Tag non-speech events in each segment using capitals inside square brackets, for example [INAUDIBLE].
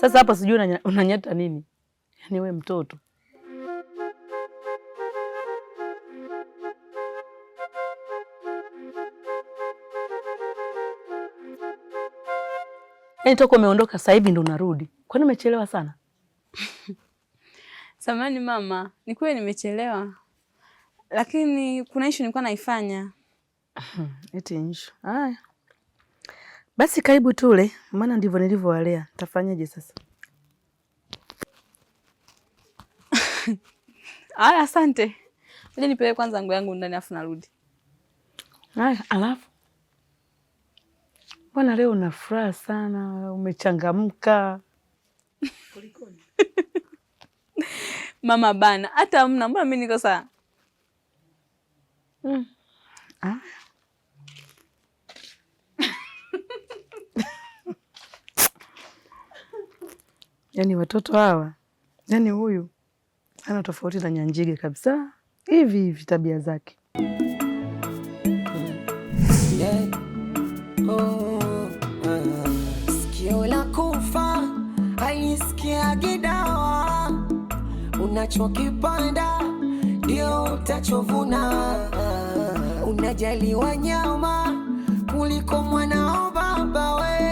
Sasa hapa sijui unanyata nini? Yaani we mtoto yaani, toka umeondoka sasa hivi ndo unarudi, kwani umechelewa sana? [LAUGHS] Samani mama, ni kweli nimechelewa, lakini kuna ishu nilikuwa naifanya. Hmm, eti ishu haya basi karibu tule, maana ndivyo nilivyowalea. Tafanyaje sasa? [LAUGHS] Aya, asante. Ngoja nipeleke kwanza nguo yangu ndani afu narudi. Aya, alafu Bwana, leo una furaha sana, umechangamka kulikoni? [LAUGHS] Mama bana, hata mna, mbona mimi niko saa mm. ah. yani watoto hawa, yani huyu ana tofauti na Nyanjige kabisa, hivi hivi tabia zake. Oh, uh. Sikio la kufa halisikiagi dawa, unachokipanda ndio utachovuna. Unajali wanyama kuliko mwanao baba we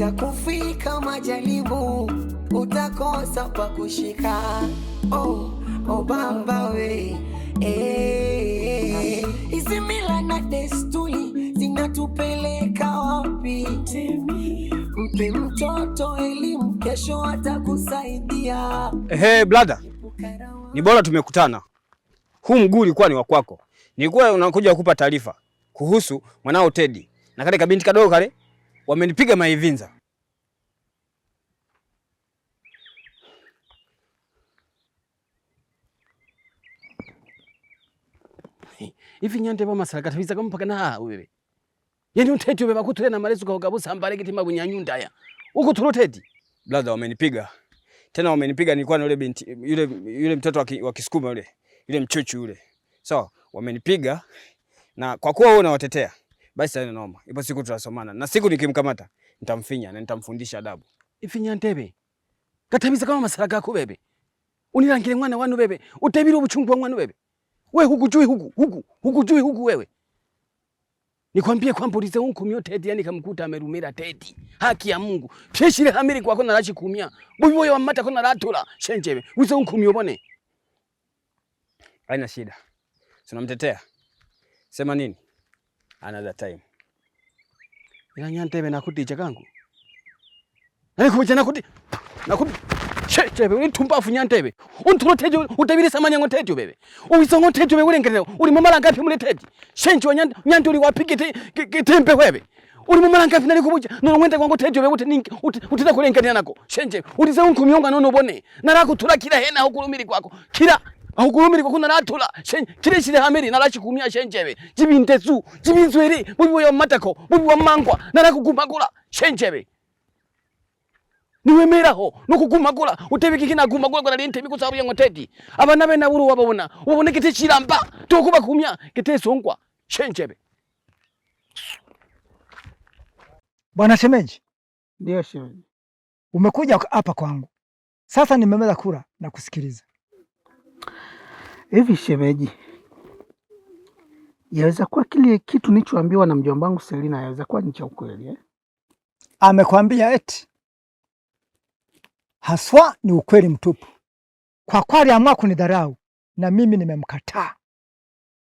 Yatakufika majaribu, utakosa pa kushika. Oh, oh baba we, eh. hizi mila na desturi zinatupeleka wapi? Mpe mtoto elimu, kesho atakusaidia. Hey, brother, ni bora tumekutana. Huu mguu ulikuwa ni wa kwako, nilikuwa unakuja kukupa taarifa kuhusu mwanao Teddy na kale kabinti kadogo kale wamenipiga maivinza. ivi nyande masala bamasalakata kama mpaka na wewe yani uteti ubebakutulie na malezo kaogabusa ambale kitima bunyanyunda ya uko tuloteti brother wamenipiga tena wamenipiga nilikuwa na yule binti yule yule mtoto wa Kisukuma yule yule mchuchu yule sawa so, wamenipiga na kwa kuwa wewe unawatetea basi ni noma. Ipo siku tutasomana na siku nikimkamata nitamfinya na nitamfundisha adabu. Ifinya ntebe katamiza kama masala gako bebe unirangire mwana wanu bebe utebile ubuchungu wa mwana bebe we hukujui huku huku hukujui huku wewe nikwambie kwamba ulize huku unkumio tedi yani kamkuta amerumira tedi haki ya Mungu kishire hamiri kwako na rachi kumia bubi wa mata kona ratula shenjebe ulize unkumio bone haina shida tunamtetea sema nini another time ila nyanteve nakuti chakangu nalikhumicha nakuti nakuti cheche uli nthumbafu nyanteve untulo teje utavile samanyango teje bebe uwisongo teje bebe ulengerera uli mumalanga api muli teje shenje nyanti uli wapiki kitembe webe uli mumalanga api nalikhumicha nolongwenda kwangu teje bebe uti uti utita kulengerera nako shenje ulize unkhumi onga nonobone nalakuthula kila hena ukulumiri kwako kila ahugurumirwa kuna natula kirishire hamiri narachikumia shenjebe jibintezu jibinzwere bubi wa matako bubi wa mangwa narakugumagula shenjebe niwemeraho nokugumagula utebiki kina gumagula kwa linte biko sabu yango tedi abana na naburu wabona ubone kite chiramba tokuba kumya kite songwa shenjebe Bwana Shemeji. Ndio shemeji. Umekuja hapa kwangu. Sasa nimemeza kura na kusikiliza. Hivi shemeji, yaweza kuwa kile kitu nilichoambiwa na mjomba wangu Selina yaweza kuwa ni cha ukweli eh? Amekwambia eti haswa ni ukweli mtupu. Kwa kweli amua kunidharau, na mimi nimemkataa,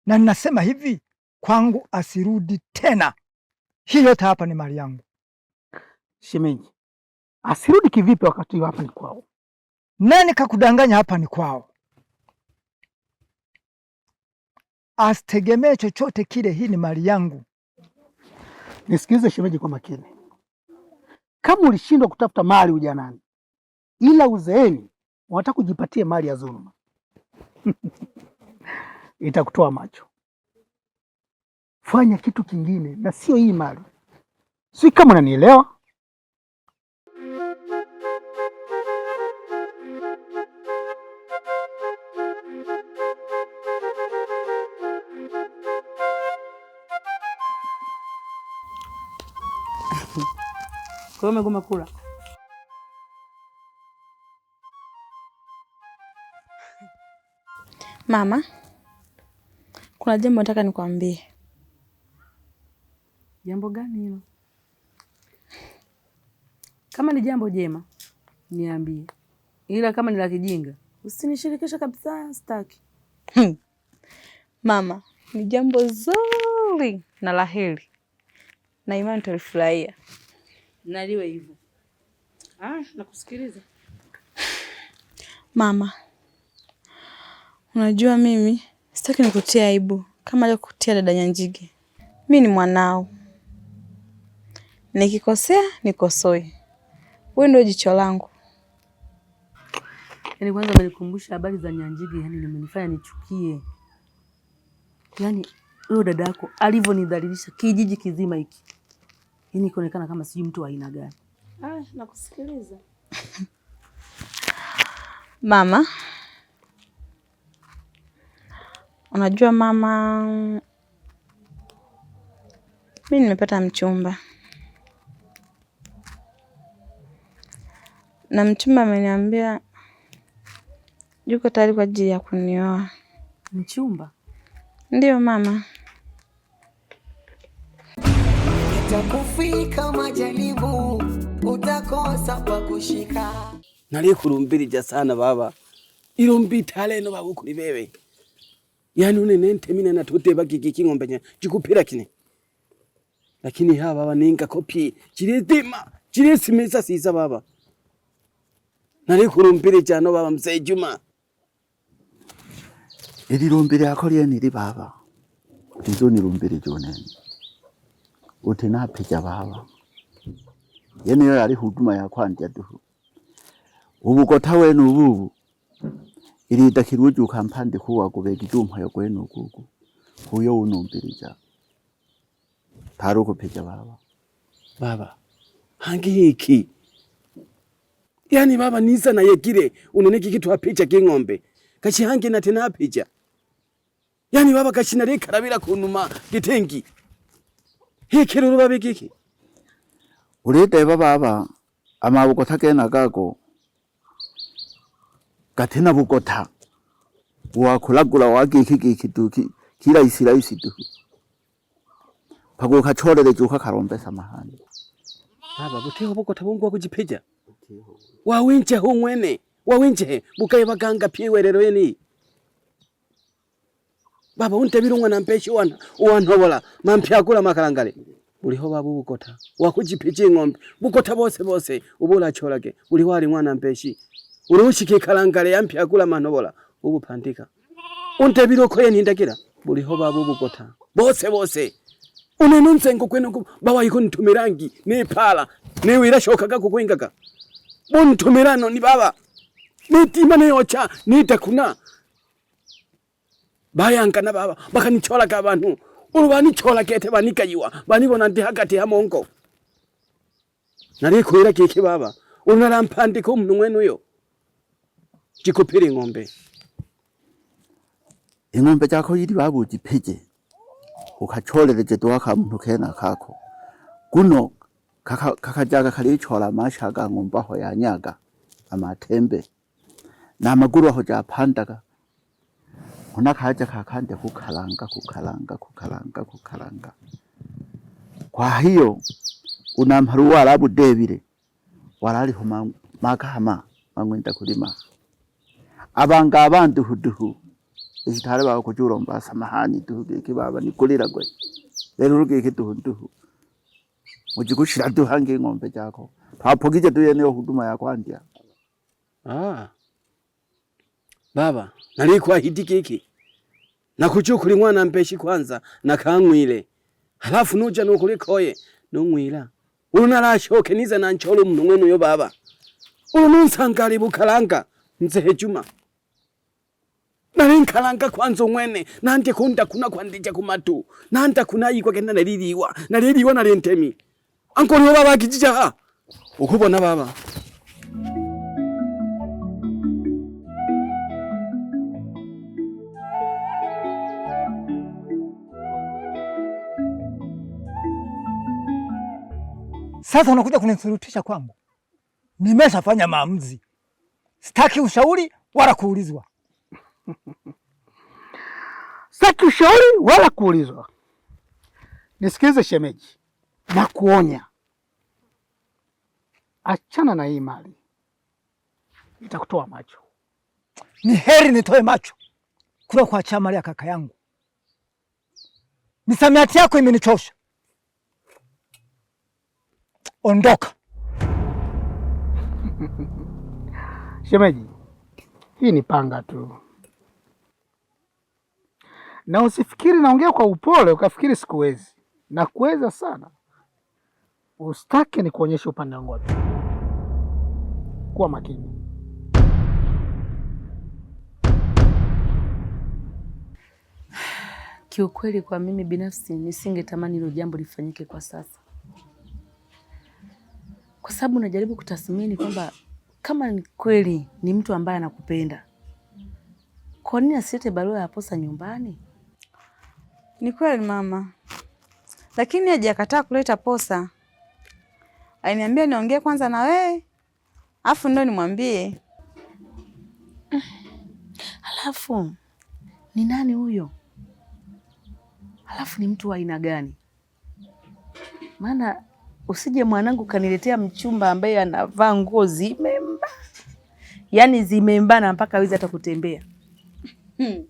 na ninasema hivi kwangu asirudi tena. Hii yote hapa ni mali yangu. Shemeji, asirudi kivipi wakati hapa ni kwao? Nani kakudanganya? Hapa ni kwao. asitegemee chochote kile, hii ni mali yangu. Nisikilize shemeji kwa makini, kama ulishindwa kutafuta mali ujanani, ila uzeeni unataka kujipatie mali ya dhuluma [LAUGHS] itakutoa macho. Fanya kitu kingine na sio hii mali, si kama unanielewa? Kwa hiyo umegoma kula? Mama, kuna jambo nataka nikwambie. Jambo gani hilo? Kama ni jambo jema niambie, ila kama ni la kijinga usinishirikishe kabisa, sitaki. Hmm. Mama, ni jambo zuri na la heri, na imani tulifurahia naliwe hivyo. Ah, nakusikiliza mama. Unajua mimi sitaki nikutia aibu kama leo kutia dada Nyanjige. Mi ni mwanao, nikikosea nikosoe, wewe ndio jicho langu. Yaani kwanza umenikumbusha habari za Nyanjige, yani nimenifanya nichukie, yaani huyo dada yako alivyonidhalilisha kijiji kizima hiki Yaani kuonekana kama sijui mtu wa aina gani. Ah, nakusikiliza. [LAUGHS] Mama, unajua mama, mi nimepata mchumba na mchumba ameniambia yuko tayari kwa ajili ya kunioa. Mchumba? Ndiyo mama. Utakufika majaribu, utakosa pa kushika. Nalikurumbirija sana baba, irumbi tale no babu kuri bebe yani unene ntemine na tuteba kiki kingombe nya jikupira kine lakini ha baba ninga kopi chiridima chirisimisa sisa baba nari nalikurumbirija no baba mzee Juma irirumbiri akoriye niri baba ndizo nirumbirije unene uti utinapeja baba yene yo yali huduma ya kwanja duhu ubugota wenu ububu irida kirujuka mpande kuwa kubega idumpayo gwenu gugu huyo unumbirija tari ukupeja baba baba hangiki yani baba niza na yegire unene kiki twapeja king'ombe kashi hangi na tinapeja yani baba kashi nare karabira kunuma gitengi hikili urubabi giki uliteba baba amabukota gena gago gatena bukota wakulagula wagiki giki duki kirahisi rahisi tu paguka chorere juka karombesa mahani baba buteho bukota bungu wakujipeja wawenje ho mwene wawenje bukaye baganga piwerero yeni baba unte na mpeshi wana uwanhobola mamphyaakula makalangale buliho babu bukota wakuchiphicha ing'ombe bukota bose bose ubula cholake uli wali mwana mpeshi uli ushiki uchikikalangale yamphyaakula manhobola ubuphandika unte bilukho yenhindakira buliho babu bukota bose bose unene nsengo bawa bawayiko ntumirangi ni pala niphala niwira shokaka kukwingaka buntumirano ni baba nitima niyocha nitakuna bayanga na baba bakanicolaka abantu ulu banicolakete banikayiwa banibona nti hakati hamongo narikwira kiki baba ulu narampandika omuntu mwenuyo jikupira ngombe ing'ombe jako yidi yili babujipije ukacholereje dwaka muntu kena kako guno kakajaga kalichola amasha ga ng'ombe aho yanyaga amatembe na n'amaguru aho japandaga unakaacha kakande kukalanga kukalanga kukalanga kukalanga. Kwa hiyo unamparu warabu debire warariho makahama mangwenda kulima abanga abantu huduhu isitare bawo kujuro mbasa mahani duhuge kibaba nikulira gwe rero uruge kiduhu duhu mujikushira duhange ng'ombe jako papogije duye yo huduma ya yakwandia ah Baba, nalikuahidi kiki nakuchukuli mwana mpeshi kwanza nakamwile halafu nuja nukulikoye numwila ulu nalashokeniza nancholo mnung'onuyo baba ulu nunsangali bukalanga mzee Juma nali nkalanga kwanza umwene nandi kunda kuna kwandija kumatu nanda kuna ikwa kenda naliliwa naliliwa nalentemi ankoliwo baba kijija ukubona baba Sasa unakuja kunisurutisha kwangu. Nimeshafanya maamuzi, sitaki ushauri wala kuulizwa. [LAUGHS] Sitaki ushauri wala kuulizwa. Nisikilize shemeji, na kuonya achana na hii mali, itakutoa macho. Ni heri nitoe macho kula kuachia mali ya kaka yangu. Misamiati yako imenichosha. Ondoka. Shemeji, hii ni panga tu, na usifikiri naongea kwa upole ukafikiri sikuwezi. Na kuweza sana, ustake ni kuonyesha upande wangu wapi. Kuwa makini. Kiukweli, kwa mimi binafsi nisingetamani hilo jambo lifanyike kwa sasa, kwa sababu najaribu kutathmini kwamba kama ni kweli ni mtu ambaye anakupenda, kwa nini asilete barua ya posa nyumbani? Ni kweli mama, lakini hajakataa kuleta posa. Aliniambia niongee kwanza na wewe afu ndo nimwambie. Halafu [CLEARS THROAT] ni nani huyo? Halafu ni mtu wa aina gani? Maana usije mwanangu kaniletea mchumba ambaye anavaa nguo zimemba, yaani zimembana mpaka hawezi hata kutembea. Hmm.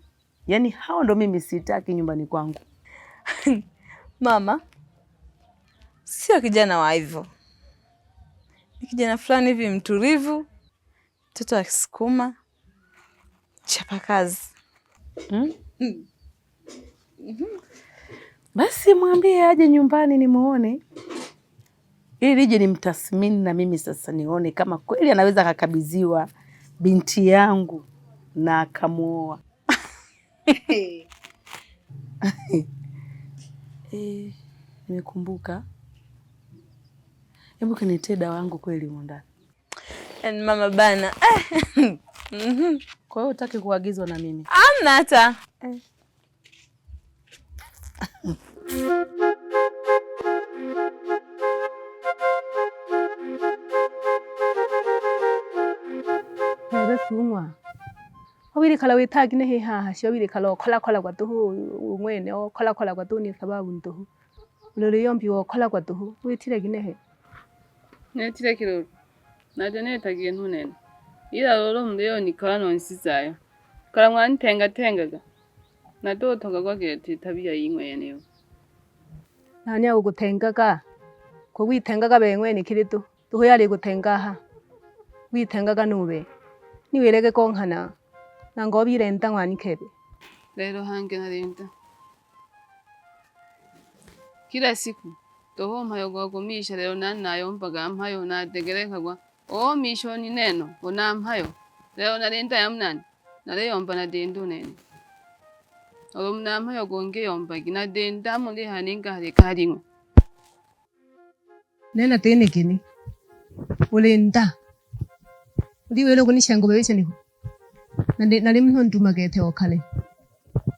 Yaani hao ndo mimi sitaki nyumbani kwangu. [LAUGHS] Mama sio kijana wa hivyo, ni kijana fulani hivi mtulivu, mtoto wa Kisukuma, chapakazi. Hmm? Hmm. Basi mwambie aje nyumbani nimuone ili nije nimtathmini na mimi sasa nione kama kweli anaweza akakabidhiwa binti yangu na akamuoa. [LAUGHS] Eh, nimekumbuka. Hebu kanitee dawa yangu kweli humo mama bana. Kwa hiyo utaki kuagizwa na mimi? Amna hata. Eh. [LAUGHS] kunywa kala witagi ni hihaha sio wirikala okholakhola kwatuhu ung'wene kwa kwatuhu ni sababu ntuhu ulolo yombi wokhola kwatuhu witireki nehe netirekile ulu najo netagiye ntunene ila lolo mliyo nikola nonsizayo kala mwa tenga na mwanitengatengaga nadotoka kwagile ti tabia ying'weneyo nani akukutengaga ko witengaga beng'weni kili tu tuhu yali kutengaha witengaga nube niweleke konkhana nangobile ntawanikhepe lelo hange nalinta kila siku toho mhayo gwagumisha lelo nannayo mpaga mhayo nategerekagwa oo misho ni neno ona mhayo lelo nalinta yamnani naliyomba nadindu nene olumna mhayo gongiyombagi nadinda mulihaninga halikahaling'we nena tene kini ulinda kuni shango liwe kunisha ngobe wiche niho nalimnoontumakethe okale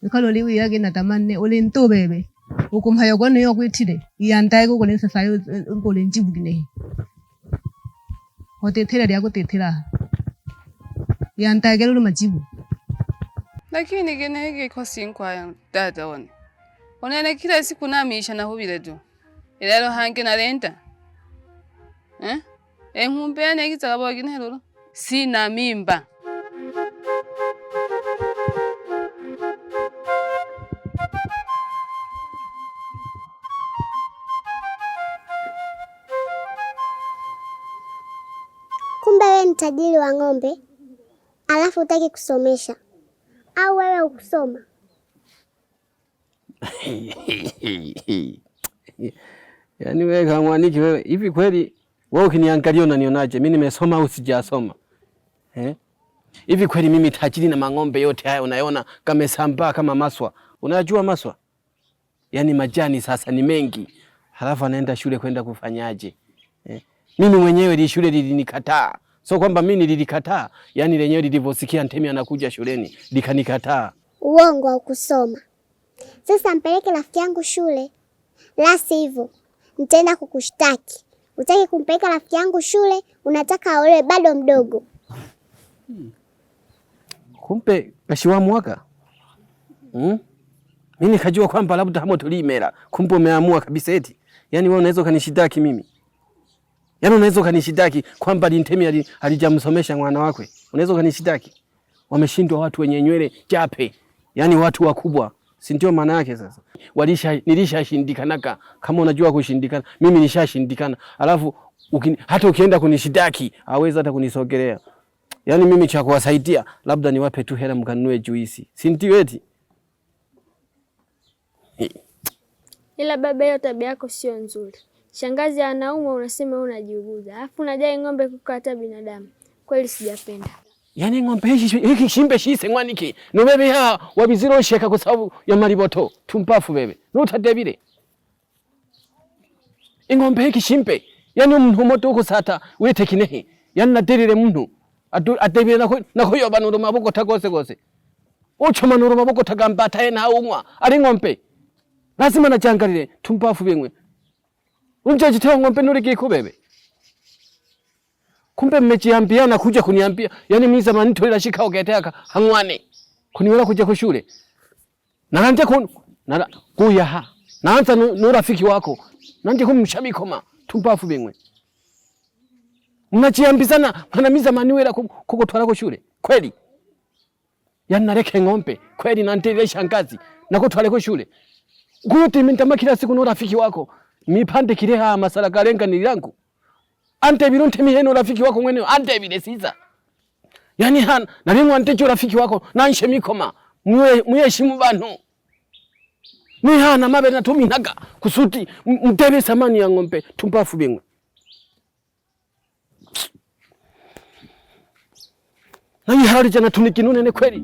ikalo liwi yake na natamane uli ntubebe ukumhayo kwanu yokwithile iyandae kukulinsesayo nkole eh, njibukinehi otethela lyakutethela iyandae lo majibu lakini kwa kenehege kosinkwaya dadaone onene kila siku na na nahuvile tu ilelo hange nalenta eh? mumpe eh, enhumbeanekitsakavokinehelolo sina mimba. Kumbe wewe ni tajiri wa ng'ombe, alafu utaki kusomesha au wewe ukusoma? [LAUGHS] Yaani wewe kamwaniki wewe, hivi kweli wewe ukiniangalia unanionaje? Mimi nimesoma au sijasoma? Eh? Hivi eh? Kweli mimi tajiri na mang'ombe yote haya unayoona kamesambaa kama maswa. Unajua maswa? Yaani majani sasa ni mengi. Halafu anaenda shule kwenda kufanyaje? Eh? Mimi mwenyewe li shule lilinikataa. So kwamba mimi nililikataa, yaani lenyewe lilivyosikia Ntemi anakuja shuleni, likanikataa. Uongo wa kusoma. Sasa mpeleke rafiki yangu shule. La sivyo, nitaenda kukushtaki. Utaki kumpeleka rafiki yangu shule, unataka aolewe bado mdogo kumbe mwaka mm? Mimi nikajua kwamba labda hamo tulimera, kumbe umeamua kabisa eti. Yaani wewe unaweza kanishitaki mimi. Yaani unaweza kanishitaki kwamba Lintemi alijamsomesha mwana wake. Unaweza kanishitaki. Wameshindwa watu wenye nywele chape. Yaani watu wakubwa. Si ndio maana yake sasa. Walisha nilishashindikanaka kama unajua kushindikana. Mimi nishashindikana. Alafu ukini, hata ukienda kunishitaki, hawezi hata kunisogelea. Yaani mimi cha kuwasaidia labda niwape tu hela mkanunue juisi. Si ndio eti? Ila baba, hiyo tabia yako sio nzuri. Shangazi anaumwa unasema wewe unajiuguza. Alafu unajai ng'ombe kukata binadamu. Kweli sijapenda. Yaani ng'ombe hishi hiki shimbe shise ngwaniki. No bebe ha wabiziro sheka kwa sababu ya maliboto. Tumpafu bebe. Nuta debile. Ng'ombe hiki shimbe. Yaani mtu moto uko sata wetekinehi. Yaani nadirire mtu atebire nakhuyobanura mabokotha kose kose uchomanura mabokotha gampathaye naumwa ali ng'ombe lazima najangalire thumphafu bimwe unjechitheo ng'ombe nulikikho bebe kumbe mmechiyambiana kuja kuniambia yani mwiza manitolera shikao keteaka hang'wane kuniwela kuja kushule nalanje kun nala kuyaha naanza nurafiki wako nandi kumshabikoma thumphafu bimwe mnachiyambizana mwanamiza maniwera kukutwara kushule kweli yani nareke ng'ombe kweli nantevye shangazi nakutware kushule kuti mintama kila siku no rafiki wako mipande kireha masala karenga nilangu langu ante biro ntemi heno rafiki wako mwene ante bile siza yani han na bimwe antecho rafiki wako nanshe mikoma mwe shimu bantu ni hana mabe natumina naga kusuti mtebe samani ya ng'ombe tumpafu bingwe na hii hali jana tunikinune ni kweli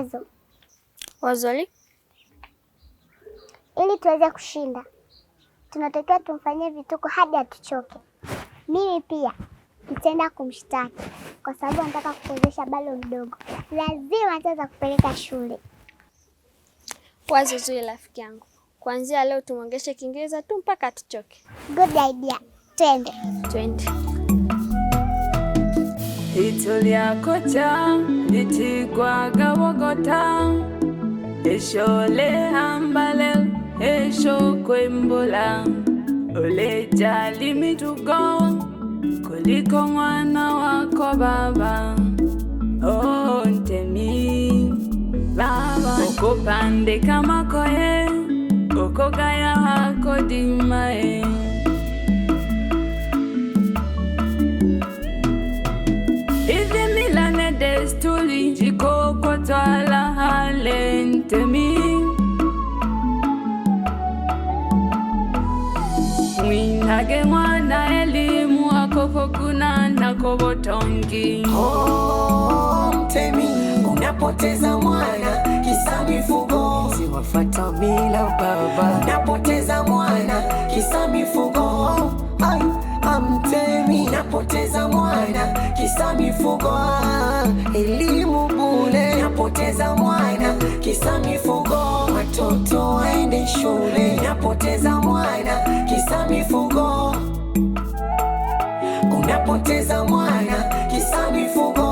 wazo. Wazo li? Ili tuweze kushinda, tunatakiwa tumfanyie vituko hadi atuchoke. Mimi pia nitaenda kumshtaki kwa sababu anataka kuchezesha balo mdogo. Lazima ataweza kupeleka shule. Wazo zuri, rafiki yangu. Kuanzia leo tumwongeshe Kiingereza tu mpaka atuchoke. Good idea. Twende, twende. Itulia kocha itikwaga mota esholehambalel eshokwembola oleja limitugo kuliko mwana wako baba oh, ntemi baba okupandika makoye okogaya hako dimae Twala halentemi mwinage mwana elimu akokokuna nakobotongi oh, mtemi unapoteza mwana kisa mifugo siwafata bila baba unapoteza mwana kisa mifugo Ay, amtemi unapoteza mwana kisa mifugo, elimu bule napoteza mwana kisa mifugo, watoto waende shule, napoteza mwana kisa mifugo, unapoteza mwana kisa mifugo